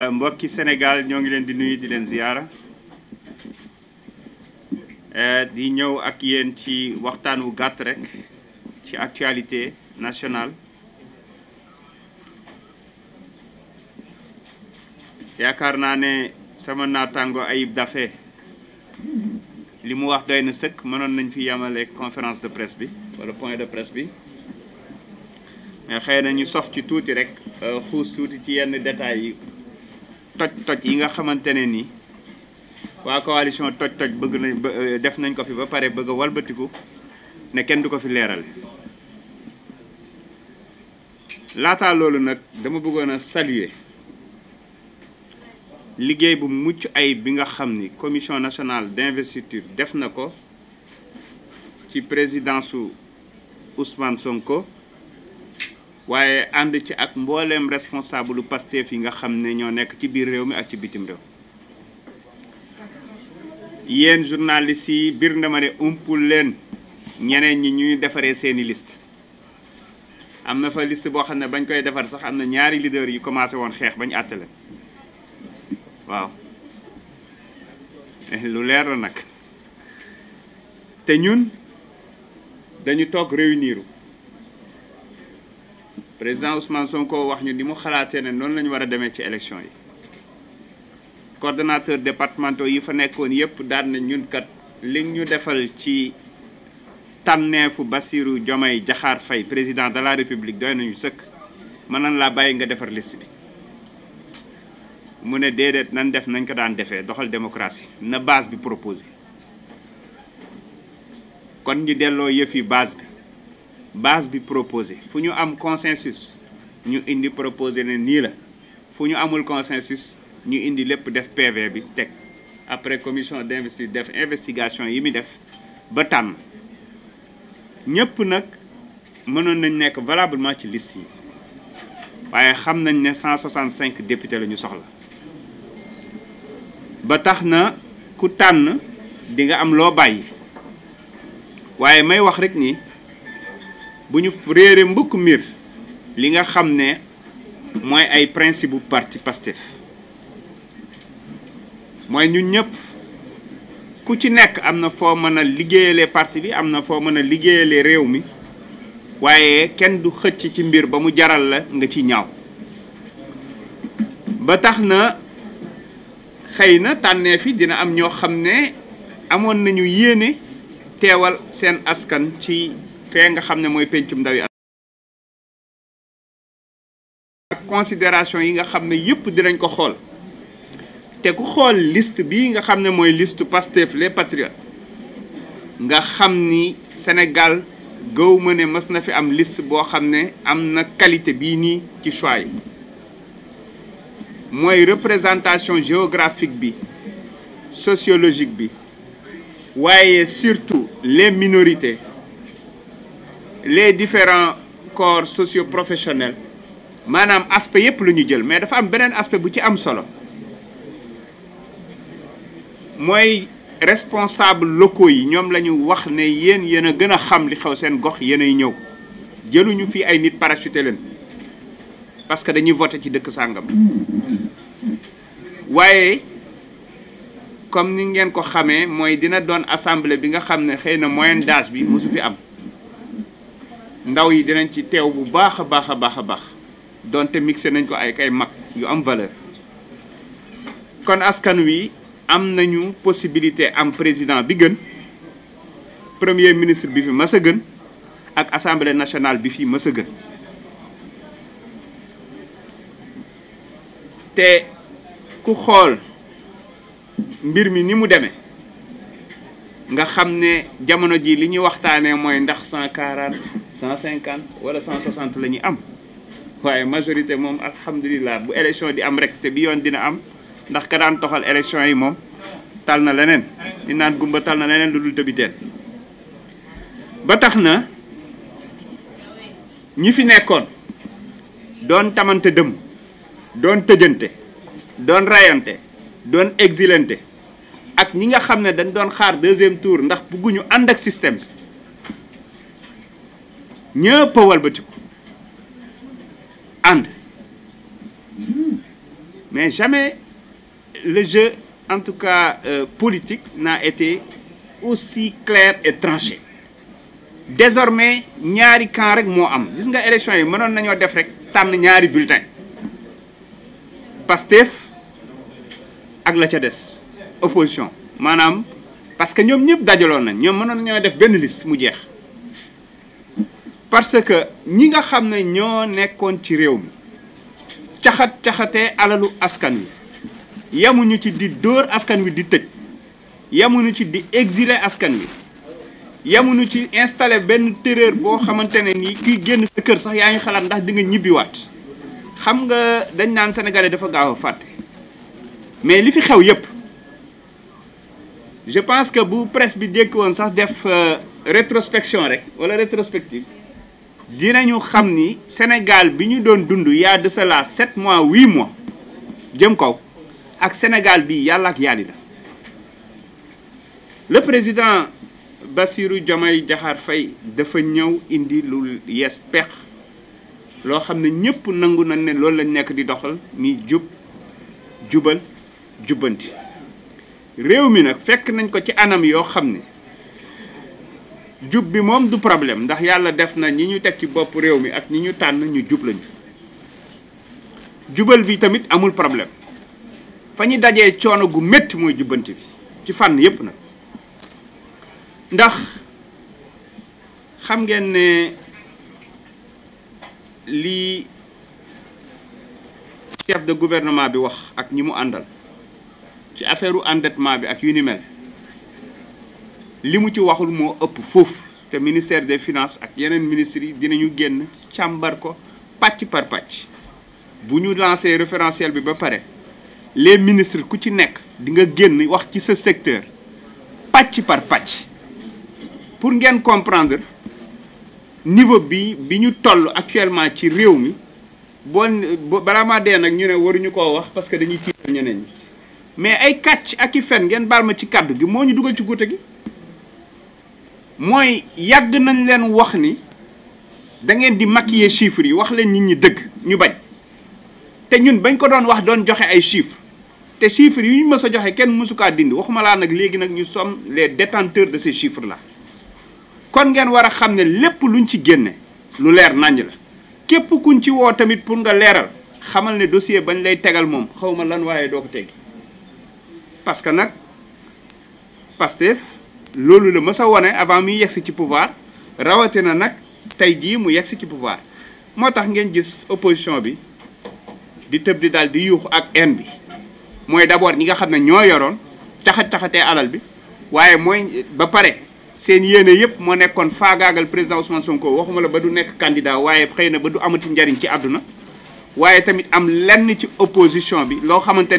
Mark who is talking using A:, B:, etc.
A: Euh, mbokki Sénégal ñoo ngi leen di nuyu di leen ziyaara euh, di ñëw ak yéen ci waxtaan wu gàtt rek ci actualité nationale yaakaar naa ne sama naataango Ayib Daffé li mu wax doy na sëkk mënoon nañ fi yemale conférence de presse bi wala point de presse bi mais xëy na ñu sof ci tuuti rek euh, xuus tuuti ci yenn détails yi toj-toj yi nga xamante ne nii waa coalition toj-toj bëgg nañ euh, def nañ ko fi ba pare bëgg walbatiku ne kenn du ko fi leerale laataa loolu nag dama bëggoon a saluer liggéey bu mucc ay bi nga xam ni commission nationale d'investiture def na ko ci présidence su Ousmane Sonko. waaye ànd ci ak mbooleem responsable Pastef yi nga xam ne ñoo nekk ci biir réew mi ak ci bitim réew yéen journalistes yi biir na ma ne umpul leen ñeneen ñi ñuy defaree seeni list am na fa liste boo xam ne bañ koy defar sax am na ñaari leader yu commencé woon xeex bañ àttale waaw eh, lu leer la nag te ñun dañu togg réunir président Ousmane Sonko wax ñu ni mu xalaatee ne noonu la ñu war a demee ci élection yi coordonnateur départementaux yi fa nekkoon yëpp daan na ñun li ñu defal ci tànneefu Bassirou Diomaye Diakhar fay président de la république doy nañu sëkk mën nañ laa bàyyi nga defar liste bi mu ne déedéet nan def nañ ko daan defee doxal démocratie na baas bi proposé kon ñu delloo yëf yi bi base bi proposé fu ñu am consensus ñu indi proposé ne nii la fu ñu amul consensus ñu indi lépp def PV bi teg après commission d'investi def investigation yi mu def ba tànn ñëpp nag mënoon nañ nekk valablement ci liste yi waaye xam nañ ne 165 député la ñu soxla ba tax na ku tànn di nga am loo bàyyi waaye may wax rek ni. bu ñu réere mbukk mbir li nga xam ne mooy ay principe bu parti Pastef mooy ñun ñëpp ku ci nekk am na foo mën a liggéeyale parti bi am na foo mën a liggéeyale réew mi waaye kenn du xëcc ci mbir ba mu jaral la nga ci ñaaw ba tax na xëy na tànneef yi dina am ñoo xam ne amoon nañu yéene teewal seen askan ci fee nga xam ne mooy pencum ndaw ak considération yi nga xam ne yëpp dinañ ko xool te ku xool liste bi nga xam ne mooy listu Pastef les patriotes nga xam ni Sénégal gëw ma ne mës na fi am liste boo xam ne am na qualité bii nii ci choix yi mooy représentation géographique bi sociologique bi waaye surtout les minorités les différent corps socio professionnel maanaam aspect yëpp lu ñu jël mais dafa am beneen aspect bu ci am solo mooy responsable locaux yi ñoom la ñu wax ne yéen yéen a gën a xam li xew seen gox yéen ay ñëw jëluñu fii ay nit parachuté leen parce que dañuy voté ci dëkk sàngam waaye comme ni ngeen ko xamee mooy dina doon assemblée bi nga xam ne xëy na moyen d'âge bi mosu fi am ndaw yi dinañ ci teew bu baax a baax a baax a baax donte mixé nañ ko ay ay mag yu am valeur kon askan wi am nañu possibilité am président bi gën premier ministre bi fi mas gën ak assemblée nationale bi fi mas a gën te ku xool mbir mi ni mu demee nga xam ne jamono ji li ñuy waxtaanee mooy ndax 140 150 wala 160 la ñuy am waaye majorité moom alhamdulilah bu élection di am rek te bi yoon dina am ndax ka daan toxal élection yi moom tal na leneen di naan gumba tal na leneen lu dul tëbiteen ba tax na ñi fi nekkoon doon tamante dëmm doon tëjante doon rayante doon exilante ak ñi nga xam ne dañ doon xaar deuxième tour ndax bëgguñu ànd ak système bi walbatiku ànd mais jamais le jeu en tout cas euh, politique n'a été aussi clair et tranché désormais ñaari camp rek moo am gis nga élection yi mënoon nañoo def rek tànn ñaari bulletin Pastef ak la ca des opposition maanaam parce que ñoom ñëpp dajaloon nañ ñoom mënoon ñoo def benn liste mu jeex parce que ñi nga xam ne ñoo nekkoon ci réew mi caxat caxate alalu askan wi yamuñu ci di dóor askan wi di tëj yamuñu ci di exiler askan wi yamuñu ci installé benn terreur boo xamante ne nii kiy génn sa kër sax yaa ngi xalaat ndax di nga ñibbiwaat xam nga dañ naan sénégalais dafa gaaw a fàtte mais li fi xew yépp je pense que bu presse bi jékki woon sax def euh, rétrospection rek wala rétrospective dinañu xam ni Sénégal bi ñu doon dund y a de cela mois huit mois jëm kaw ak Sénégal bi yàlla ak yàlli la le président Bassirou Diomaye Diakhar fay dafa ñëw indi lu yes pex loo xam ne ñëpp nangu nañ ne loolu lañ nekk di doxal ni jub jubal jubbanti réew mi nag fekk nañ ko ci anam yoo xam ne jub bi moom du problème ndax yàlla def na ñi ñu teg ci bopp réew mi ak ñi ñu tànn ñu jub jubal bi tamit amul problème fa ñu dajee coono gu métti mooy jubbanti bi ci fànn yépp nag ndax xam ngeen ne lii chef de gouvernement bi wax ak ñi mu àndal ci affaire u endettement bi ak yu ni li mu ci waxul moo ëpp foofu te ministère des finance ak yeneen ministre yi dinañu génn càmbar ko pàcc par pàcc bu ñu lancé référentiel bi ba pare les ministres ku ci nekk di nga génn wax ci sa secteur pàcc par pàcc pour ngeen comprendre niveau bi bi ñu toll actuellement ci réew mi boo balaa maa dee nag ñu ne waruñu ko wax parce que dañuy tiital ñeneen ñi mais ay kàcc ak i fen ngeen baal ma ci kàddu gi moo ñu dugal ci guute gi mooy yàgg nañ leen wax ni da ngeen di yee chiffres yi wax leen nit ñi dëkk ñu bañ te ñun bañ ko doon wax doon joxe ay chiffres te chiffres yu ñu mës a joxe kenn mësu dindi waxuma laa nag léegi nag ñu sommes les détenteurs de ces chiffres la kon ngeen war a xam ne lépp luñ ci génne lu leer naññ la képp kuñ ci woo tamit pour nga leeral xamal ne dossier bañ lay tegal moom xaw ma lan waaye doo ko teggi parce que nag Pastef loolu la mës a wane avant muy yegsi ci pouvoir rawatina nag tey jii mu yegsi ci pouvoir moo tax ngeen gis opposition bi di tëb di daal di yuuxu ak haine bi mooy d'abord ñi nga xam ne ñoo yoroon caxat caxatee alal bi waaye mooy ba pare seen yéene yëpp moo nekkoon faagaagal président Ousmane Sonko waxuma la ba du nekk candidat waaye xëy na ba du amati njariñ ci àdduna waaye tamit am lenn ci opposition bi loo xamante